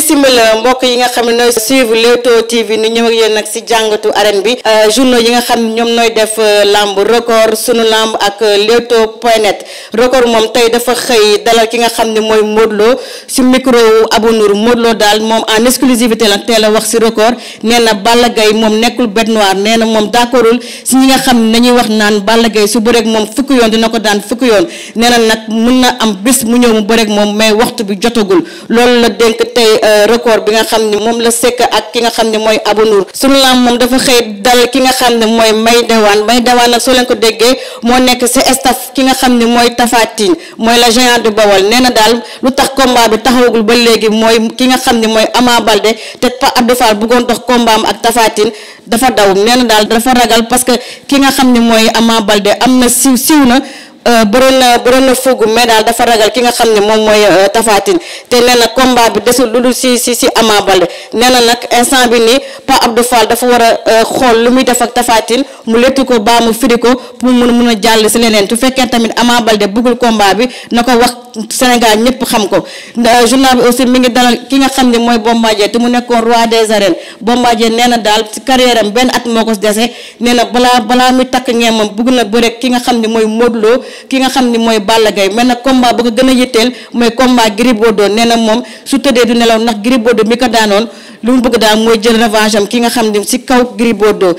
bisimila mbokk yi nga xam ne nooy suivre Leewtoo TV nu ñëw ak yéen nag si jàngatu arène bi euh, journaux yi nga xam ne ñoom nooy def euh, lamb record sunu làmb ak euh, Leewtoo point net record moom tey dafa xëy dalal ki nga xam ne mooy Modou Lo si micro wu Abou Nour daal moom en exclusivité la teel a wax si record nee na Balla moom nekkul bête na moom d'accordul si ñi nga xam nañuy wax naan Balla Gaye su bëreeg moom fukki yoon dina ko daan fukki yoon nee na nag mun na am bés mu ñëw mu bëreeg moom mais waxtu bi jotagul loolu la dénk tey euh, record bi nga xam ni moom la sekk ak ki nga xam ne mooy abonour sunu lam moom dafa xëy dal ki nga xam ne mooy may dewaan may dewaan nag soo leen ko moo nekk si staff ki nga xam ne mooy tafatine mooy la géant du Bawol nee na daal lu tax combat ba léegi mooy ki nga xam mooy Ama Baldé te Pa Abdou dox combat ak tafatine dafa daw nee daal dafa ragal parce que ki nga xam ne mooy amaa balde am na siw siw na Euh, bëri na bëri na fugu mais daal dafa ragal ki nga xam ne moom mooy euh, tafaatin te nee na combat bi desul lu dul si si si Ama Baldé na nag instant bi nii Pa Abdou Fall dafa war a euh, xool lu muy def ak tafaatin mu léttu ko baa mu firi ko pour mun mun a jàll si leneen su fekkee tamit Ama Baldé bëggul combat bi na ko wax Sénégal ñëpp xam ko journal bi aussi mi ngi dalal ki nga xam ne mooy Bombardier te mu nekkoon roi des arènes Bombardier nee na daal si carrière am benn at moo ko dese nee na balaa balaa muy takk ngeen ñeemam bëgg na bëre ki nga xam ne mooy Modou ki nga xam ni mooy Balla Gaye mais nag combat ba ko gën a yitteel mooy combat Gris Bordeaux nee na moom su tëddee du nelaw ndax Gris Bordeaux ko daanoon lu mu bëgg daal mooy jël revanche ki nga xam ni si kaw Gris Bordeaux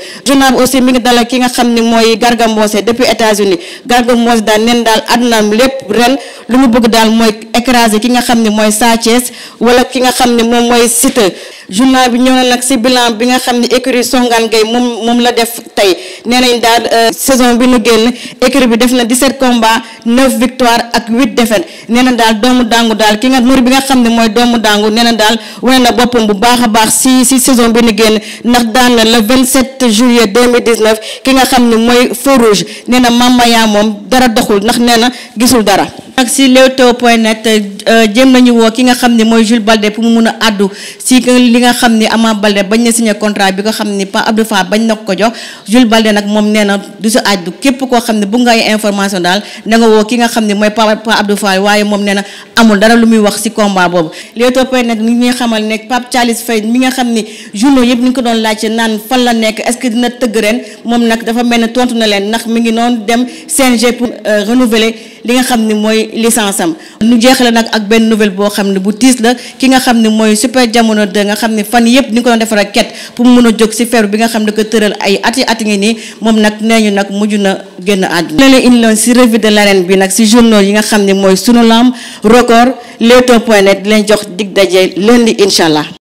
aussi mi ngi dalal ki nga xam ni mooy Garga depuis États-Unis Garga daal neen daal àddunaam lépp ren lu mu bëgg daal mooy écraser ki nga xam ni mooy Sa Thiès wala ki nga xam ni moom mooy Siteu journal bi ñoo nag si bilan bi nga xam ne écurie Songane Gueye moom moom la def tey nee nañ daal euh, saison bi nu génn écurie bi def na 17 combats 9 victoires ak 8 défaites nee daal doomu dangu daal ki nga nur bi nga xam ne mooy doomu dangu nee daal wane na boppam bu baax a baax si si saison bi nu génn ndax daan na le 27 juillet 2019 ki nga xam ne mooy feu rouge nee na Mamaya moom dara doxul ndax nee na gisul dara. ak si Leewtoo point net euh, jéem nañu woo ki nga xam ne mooy Jules Balde pour mu mun a àddu si li nga xam ni Ama Balde bañ na signé contrat bi nga xam ni Pa Abdou Fall bañ na ko jox Jules Balde nag moom nee du si àddu képp koo xam ne bu nga xam ne mooy Pa Abdou Fall mi nga xam ni journaux yëpp ni ko doon laajte naan fan la nekk est dina tëgg ren moom nag dafa mel ne tontu na leen ndax mi ngi noonu dem CNG pour euh, renouveler li nga xam ni licence am nu jeexale nag ak benn nouvelle boo xam ne bu tiis la ki nga xam ne mooy super jamono 2 nga xam ne fan yëpp ni ko doon defar ket pour mu mun a jóg si feebar bi nga xam ne ko tëral ay ati ati ngi nii moom nag nee ñu nag mujj na génn àdduna leen indi loon si revue de l'arène bi nag si journaux yi nga xam ne mooy sunu lamb record leewtoo point net leen jox dig daje lundi incha allah